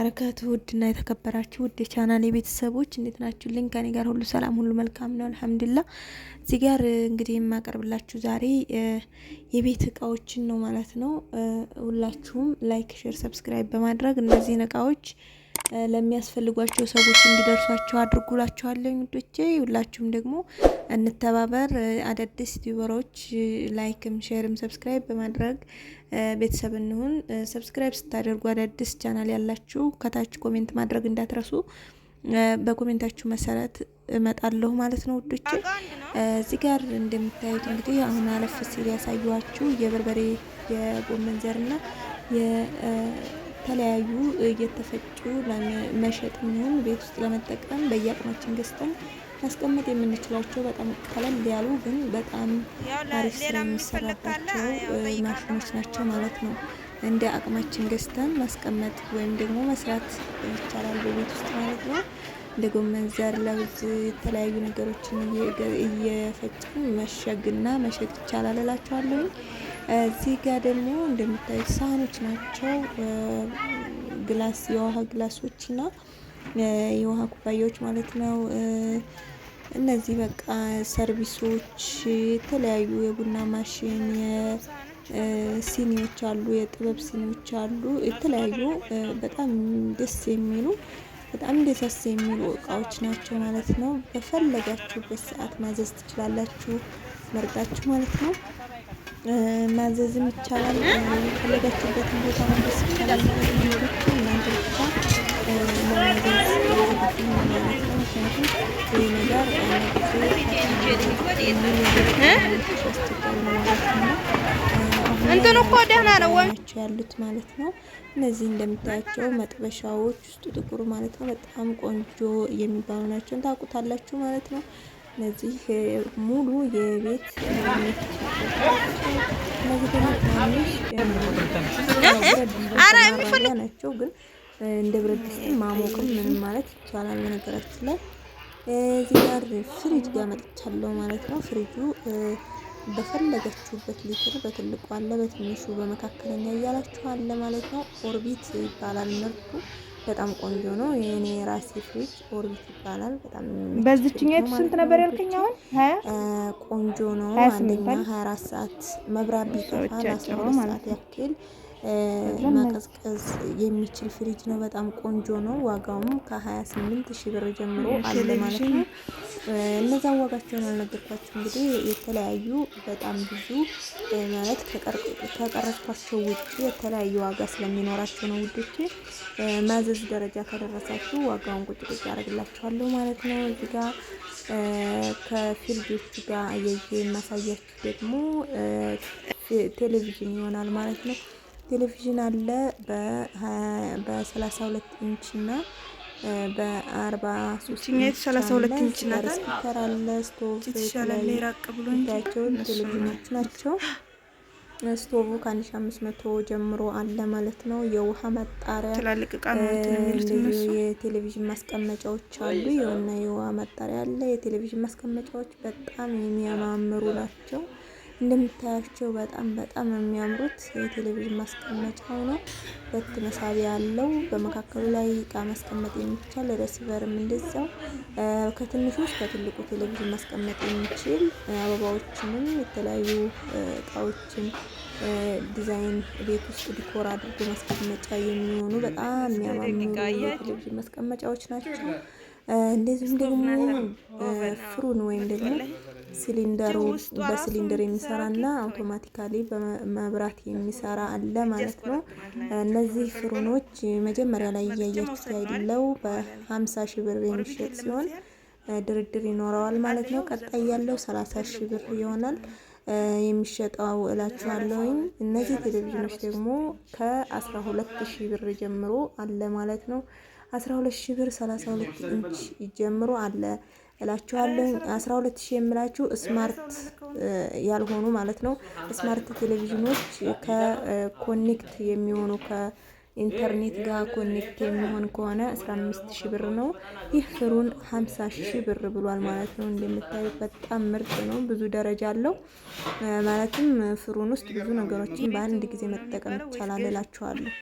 ወበረካቱ ውድና የተከበራችሁ ውድ የቻናል የቤተሰቦች እንዴት ናችሁ ናችሁልኝ? ከኔ ጋር ሁሉ ሰላም፣ ሁሉ መልካም ነው አልሐምዱላ። እዚህ ጋር እንግዲህ የማቀርብላችሁ ዛሬ የቤት እቃዎችን ነው ማለት ነው። ሁላችሁም ላይክ፣ ሼር፣ ሰብስክራይብ በማድረግ እነዚህን እቃዎች ለሚያስፈልጓቸው ሰዎች እንዲደርሷቸው አድርጉላቸዋለሁ። ውዶቼ ሁላችሁም ደግሞ እንተባበር። አዳዲስ ዩቲዩበሮች ላይክም፣ ሼርም ሰብስክራይብ በማድረግ ቤተሰብ እንሁን። ሰብስክራይብ ስታደርጉ አዳዲስ ቻናል ያላችሁ ከታች ኮሜንት ማድረግ እንዳትረሱ። በኮሜንታችሁ መሰረት እመጣለሁ ማለት ነው ውዶቼ። እዚህ ጋር እንደምታዩት እንግዲህ አሁን አለፍ ሲል ያሳየኋችሁ የበርበሬ የጎመን ዘርና የተለያዩ እየተፈጩ መሸጥ የሚሆን ቤት ውስጥ ለመጠቀም በየአቅማችን ገዝተን ማስቀመጥ የምንችላቸው በጣም ቀለል ያሉ ግን በጣም አሪፍ ስራ የሚሰራባቸው ማሽኖች ናቸው ማለት ነው። እንደ አቅማችን ገዝተን ማስቀመጥ ወይም ደግሞ መስራት ይቻላል በቤት ውስጥ ማለት ነው። እንደ ጎመን ዘር፣ ለውዝ፣ የተለያዩ ነገሮችን እየፈጭን መሸግና መሸጥ ይቻላል እላቸዋለሁኝ። እዚህ ጋር ደግሞ እንደምታዩት ሳህኖች ናቸው። ግላስ የውሃ ግላሶች እና የውሃ ኩባያዎች ማለት ነው። እነዚህ በቃ ሰርቪሶች፣ የተለያዩ የቡና ማሽን፣ ሲኒዎች አሉ፣ የጥበብ ሲኒዎች አሉ። የተለያዩ በጣም ደስ የሚሉ በጣም ደስ የሚሉ እቃዎች ናቸው ማለት ነው። በፈለጋችሁበት ሰዓት ማዘዝ ትችላላችሁ መርጣችሁ ማለት ነው። ማዘዝም ይቻላል። የፈለጋችሁበትን ቦታ ማድረስ ይቻላል። እናንተ ብቻ ለማዘዝ ምክንያቱም ይህ ነገር እንትን እኮ ደህና ነው ናቸው ያሉት ማለት ነው። እነዚህ እንደምታያቸው መጥበሻዎች ውስጡ ጥቁሩ ማለት ነው በጣም ቆንጆ የሚባሉ ናቸው። ታውቁታላችሁ ማለት ነው። እነዚህ ሙሉ የቤት የሚፈልግ ናቸው፣ ግን እንደ ብረት ድስትን ማሞቅም ምን ማለት ይቻላል። በነገራችን ላይ እዚህ ጋር ፍሪጅ ጋር መጥቻለሁ ማለት ነው። ፍሪጁ በፈለገችሁበት ሊትር በትልቁ አለ፣ በትንሹ በመካከለኛ እያላችሁ አለ ማለት ነው። ኦርቢት ይባላል ምርቱ። በጣም ቆንጆ ነው። የኔ የራሴ ፍሪጅ ኦርቢት ይባላል። በጣም በዚችኛቱ ስንት ነበር ያልከኝ? አሁን ቆንጆ ነው። አንደኛ 24 ሰዓት መብራት ቢጠፋ 12 ሰዓት ያክል ማቀዝቀዝ የሚችል ፍሪጅ ነው። በጣም ቆንጆ ነው። ዋጋውም ከ28 ሺ ብር ጀምሮ አለ ማለት ነው። እነዛ ዋጋቸውን አልነገርኳቸው። እንግዲህ የተለያዩ በጣም ብዙ ማለት ከቀረጥኳቸው ውጭ የተለያዩ ዋጋ ስለሚኖራቸው ነው ውዶች። ማዘዝ ደረጃ ከደረሳችሁ ዋጋውን ቁጭ ቁጭ አደርግላችኋለሁ ማለት ነው። እዚህ ጋ ከፊልዶቹ ጋር እያየ የማሳያችሁ ደግሞ ቴሌቪዥን ይሆናል ማለት ነው። ቴሌቪዥን አለ በ32 ኢንች እና በ43 ኢንች ስፒከር አለ። ስቶቭ ቴሌቪዥኖች ናቸው። ስቶቭ ከአንድ ሺህ ጀምሮ አለ ማለት ነው። የውሃ መጣሪያ የቴሌቪዥን ማስቀመጫዎች አሉ። የሆነ የውሃ መጣሪያ አለ። የቴሌቪዥን ማስቀመጫዎች በጣም የሚያማምሩ ናቸው። እንደምታያቸው በጣም በጣም የሚያምሩት የቴሌቪዥን ማስቀመጫ ሆኖ ሁለት መሳቢያ ያለው በመካከሉ ላይ እቃ ማስቀመጥ የሚቻል ረሲቨርም እንደዛው ከትንሹ ውስጥ ከትልቁ ቴሌቪዥን ማስቀመጥ የሚችል አበባዎችንም የተለያዩ እቃዎችን ዲዛይን ቤት ውስጥ ዲኮር አድርጎ ማስቀመጫ የሚሆኑ በጣም የሚያማምሩ የቴሌቪዥን ማስቀመጫዎች ናቸው። እንደዚሁም ደግሞ ፍሩን ወይም ደግሞ ሲሊንደሩ በሲሊንደር የሚሰራ የሚሰራና አውቶማቲካሊ በመብራት የሚሰራ አለ ማለት ነው። እነዚህ ፍሩኖች መጀመሪያ ላይ እያያችሁት ያለው በ50 ሺህ ብር የሚሸጥ ሲሆን ድርድር ይኖረዋል ማለት ነው። ቀጣይ ያለው 30 ሺህ ብር ይሆናል የሚሸጠው እላችኋለሁኝ። እነዚህ ቴሌቪዥኖች ደግሞ ከ12 ሺህ ብር ጀምሮ አለ ማለት ነው። 12 ሺህ ብር 32 ኢንች ጀምሮ አለ። እላችኋለሁ። ሺህ የምላችሁ ስማርት ያልሆኑ ማለት ነው ስማርት ቴሌቪዥኖች ከኮኔክት የሚሆኑ ከኢንተርኔት ጋር ኮኔክት የሚሆን ከሆነ 15ሺ ብር ነው። ይህ ፍሩን ስሩን ሺህ ብር ብሏል ማለት ነው። እንደምታዩ በጣም ምርጥ ነው። ብዙ ደረጃ አለው ማለትም ፍሩን ውስጥ ብዙ ነገሮችን በአንድ ጊዜ መጠቀም ይቻላል እላችኋለሁ።